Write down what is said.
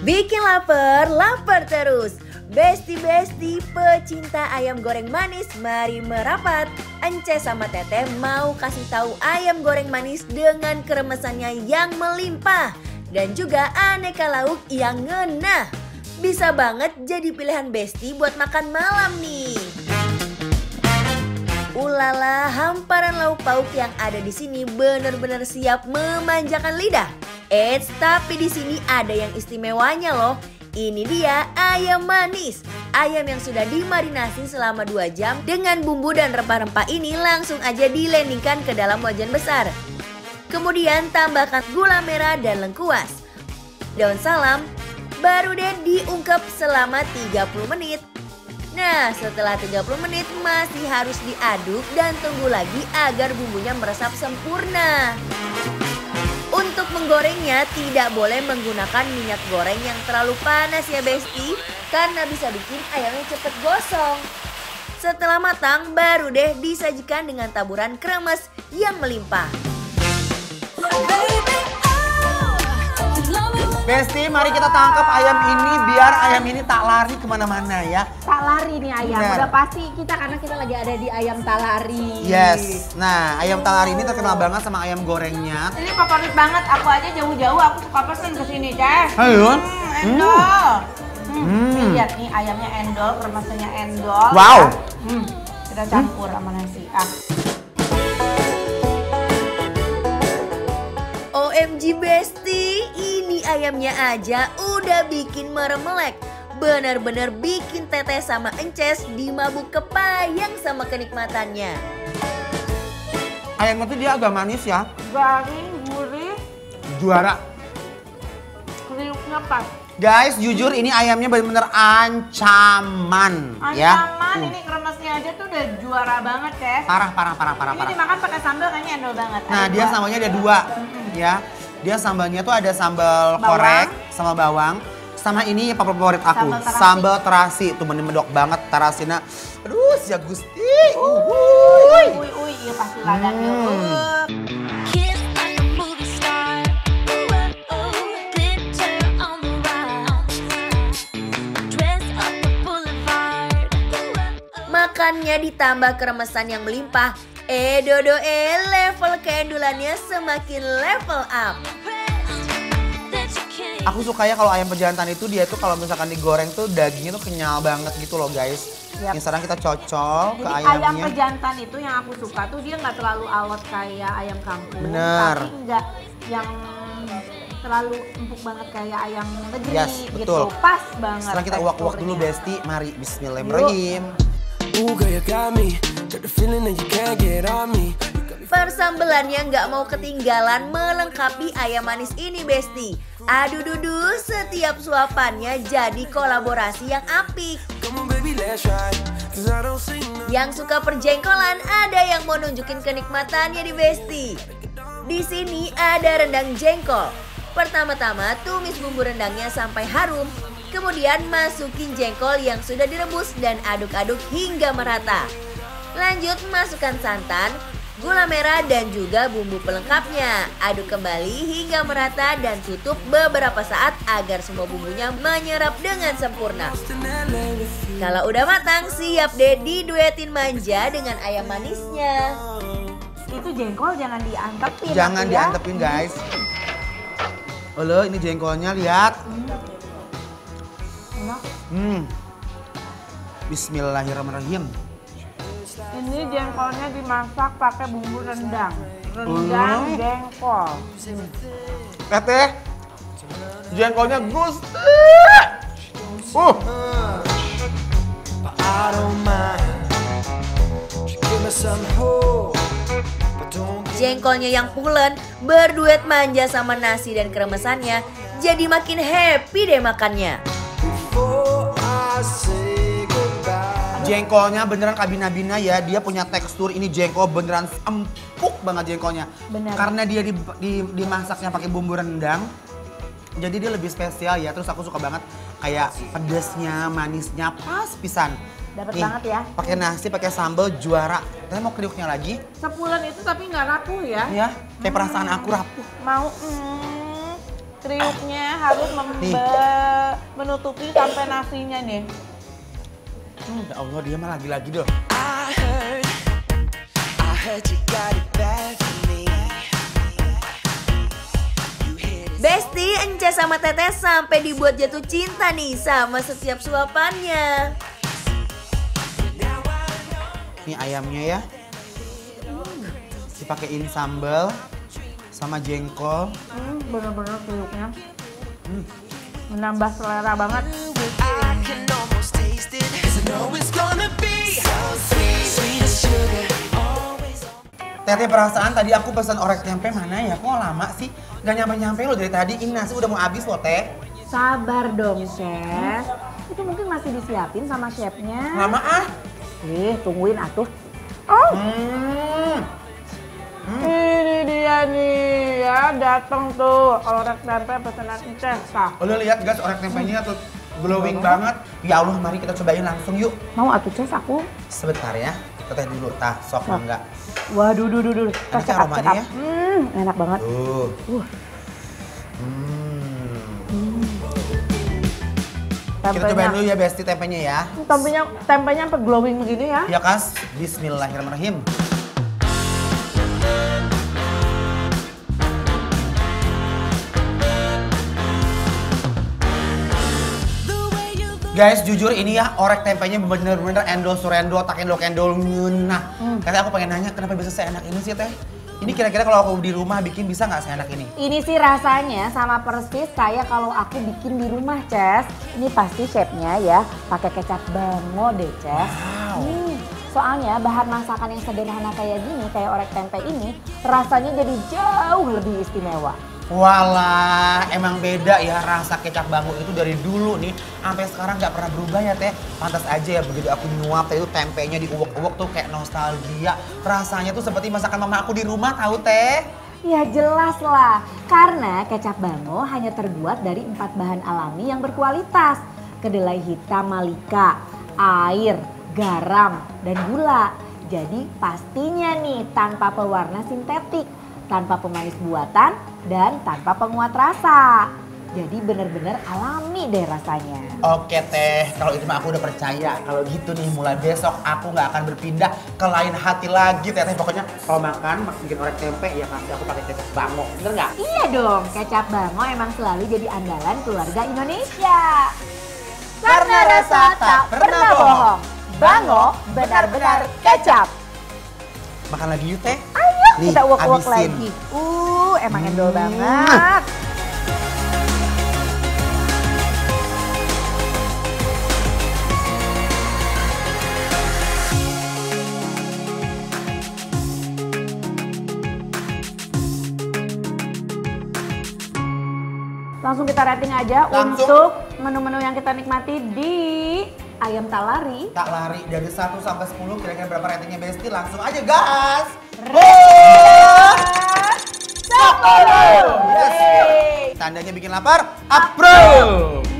Bikin lapar, lapar terus. Besti-besti pecinta ayam goreng manis, mari merapat. Ence sama Teteh mau kasih tahu ayam goreng manis dengan keremesannya yang melimpah dan juga aneka lauk yang ngenah. Bisa banget jadi pilihan besti buat makan malam nih. Ulala, hamparan lauk pauk yang ada di sini benar-benar siap memanjakan lidah. Eits, tapi di sini ada yang istimewanya loh. Ini dia ayam manis. Ayam yang sudah dimarinasi selama 2 jam dengan bumbu dan rempah-rempah ini langsung aja dilendingkan ke dalam wajan besar. Kemudian tambahkan gula merah dan lengkuas. Daun salam, baru deh diungkep selama 30 menit. Nah, setelah 30 menit masih harus diaduk dan tunggu lagi agar bumbunya meresap sempurna. Untuk menggorengnya tidak boleh menggunakan minyak goreng yang terlalu panas ya Besti karena bisa bikin ayamnya cepet gosong. Setelah matang baru deh disajikan dengan taburan kremes yang melimpah. Baby. Besti, mari kita tangkap ayam ini biar ayam ini tak lari kemana-mana ya. Tak lari nih ayam, Bener. udah pasti kita karena kita lagi ada di ayam talari. Yes, nah ayam talari ini terkenal banget sama ayam gorengnya. Ini favorit banget, aku aja jauh-jauh aku suka pesen ke sini, Ayo. Hmm, endol. Hmm. Hmm. Nih, lihat nih ayamnya endol, permasanya endol. Wow. Ya. Hmm. Kita campur hmm. sama nasi. Ah. OMG Besti, dari ayamnya aja udah bikin meremelek. benar-benar bikin teteh sama ences dimabuk kepayang sama kenikmatannya. Ayamnya tuh dia agak manis ya. Garing, gurih. Juara. Kriuknya pas. Guys, jujur ini ayamnya benar-benar ancaman, ancaman ya. Ancaman, ini kremesnya aja tuh udah juara banget ya. Parah, parah, parah, parah. Ini parah. dimakan pakai sambal kayaknya enak banget. Nah, Ayo dia sambalnya ada dua, ya. Dia sambalnya tuh ada sambal bawang. korek sama bawang. Sama ini favorit aku, sambal terasi. Sambal terasi. Tuh mendok banget terasinya. Aduh, si Gusti. uh uy, uy, iya pasti Hmm. makannya ditambah keremesan yang melimpah Eh, dodo eh, level keendulannya semakin level up. Aku suka ya kalau ayam pejantan itu dia tuh kalau misalkan digoreng tuh dagingnya tuh kenyal banget gitu loh guys. Yep. Yang sekarang kita cocok Jadi ke ayamnya. ayam pejantan itu yang aku suka tuh dia nggak terlalu alot kayak ayam kampung. Bener. Tapi nggak yang terlalu empuk banget kayak ayam negeri yes, gitu. betul. gitu. Pas banget. Sekarang kita uak-uak dulu Besti. Mari bismillahirrahmanirrahim. Yuk. Ya Persambelannya nggak mau ketinggalan melengkapi ayam manis ini Besti Aduh dudu setiap suapannya jadi kolaborasi yang apik Yang suka perjengkolan ada yang mau nunjukin kenikmatannya di Besti Di sini ada rendang jengkol Pertama-tama tumis bumbu rendangnya sampai harum Kemudian masukin jengkol yang sudah direbus dan aduk-aduk hingga merata. Lanjut masukkan santan, gula merah dan juga bumbu pelengkapnya. Aduk kembali hingga merata dan tutup beberapa saat agar semua bumbunya menyerap dengan sempurna. Kalau udah matang, siap deh diduetin manja dengan ayam manisnya. Itu jengkol jangan diantepin. Jangan ya. diantepin guys. Halo, ini jengkolnya lihat. Hmm. Mak? Hmm. Bismillahirrahmanirrahim. Ini jengkolnya dimasak pakai bumbu rendang. Rendang hmm. jengkol. Teteh, ya. jengkolnya gus. Uh. But I don't mind. Jengkolnya yang pulen berduet manja sama nasi dan kremesannya jadi makin happy deh makannya. Jengkolnya beneran kabina-bina ya, dia punya tekstur ini jengkol beneran empuk banget jengkolnya. Bener. Karena dia di, di, dimasaknya pakai bumbu rendang, jadi dia lebih spesial ya. Terus aku suka banget kayak pedesnya, manisnya pas pisan. Dapat banget ya. Pakai nasi, pakai sambal juara. Tapi mau kriuknya lagi. Sepulan itu tapi nggak rapuh ya? Iya, kayak hmm. perasaan aku rapuh. Mau. Hmm kriuknya harus membe- menutupi sampai nasinya nih. Hmm, ya Allah, dia mah lagi-lagi dong. Besti, Enca sama Teteh sampai dibuat jatuh cinta nih sama setiap suapannya. Ini ayamnya ya. Hmm. Dipakein sambal sama jengkol. Hmm, bener-bener kuyuknya. Hmm. Menambah selera banget. Ah. Tete perasaan tadi aku pesan orek tempe mana ya? Kok lama sih? Gak nyampe-nyampe lo dari tadi. Ini nasi udah mau habis loh, Teh. Sabar dong, Chef. Itu mungkin masih disiapin sama chefnya. Lama ah. Ih, eh, tungguin atuh. Oh. Hmm. Hmm. Ini dia nih ya, datang tuh orek tempe pesanan Chef. Oh, lo lihat guys orek tempe tempenya tuh glowing oh. banget. Ya Allah, mari kita cobain langsung yuk. Mau atuh cas aku? Sebentar ya, kita dulu. Tah, sok nah. enggak. Waduh, duh, duh, duh. Enak cekap, cekap. Ya? Hmm, enak banget. Uh. uh. Hmm. Tempenya. Kita cobain dulu ya Besti tempenya ya. Tempenya tempenya sampai glowing begini ya. Ya kas, bismillahirrahmanirrahim. Guys, jujur ini ya orek tempenya bener-bener endol surendo, tak endol kendol nyunah. Hmm. Katanya aku pengen nanya kenapa bisa seenak ini sih teh? Ini kira-kira kalau aku di rumah bikin bisa nggak seenak ini? Ini sih rasanya sama persis kayak kalau aku bikin di rumah, Ces. Ini pasti shape-nya ya pakai kecap bango deh, Ces. Wow. Hmm, soalnya bahan masakan yang sederhana kayak gini, kayak orek tempe ini, rasanya jadi jauh lebih istimewa. Walah, emang beda ya rasa kecap bangun itu dari dulu nih sampai sekarang nggak pernah berubah ya teh. Pantas aja ya begitu aku nyuap teh itu tempenya diuwek-uwek tuh kayak nostalgia. Rasanya tuh seperti masakan mama aku di rumah tahu teh. Ya jelas lah, karena kecap bango hanya terbuat dari empat bahan alami yang berkualitas. Kedelai hitam malika, air, garam, dan gula. Jadi pastinya nih tanpa pewarna sintetik, tanpa pemanis buatan, dan tanpa penguat rasa. Jadi benar-benar alami deh rasanya. Oke teh, kalau itu mah aku udah percaya. Kalau gitu nih mulai besok aku nggak akan berpindah ke lain hati lagi teh. Pokoknya kalau makan bikin orek tempe ya pasti kan? aku pakai kecap bango, bener nggak? Iya dong, kecap bango emang selalu jadi andalan keluarga Indonesia. Karena rasa tak pernah bohong, bango benar-benar kecap. Makan lagi yuk teh. Ayo nih, kita uak-uak lagi. Uh emang hmm. endol banget. Langsung kita rating aja Langsung. untuk menu-menu yang kita nikmati di ayam tak lari. Tak lari dari 1 sampai 10 kira-kira berapa ratingnya Besti? Langsung aja gas. Rating. Tandanya bikin lapar. Approve.